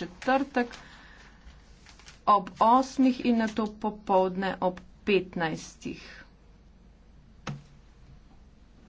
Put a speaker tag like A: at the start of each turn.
A: četrtek ob osmih in na to popovdne ob petnajstih.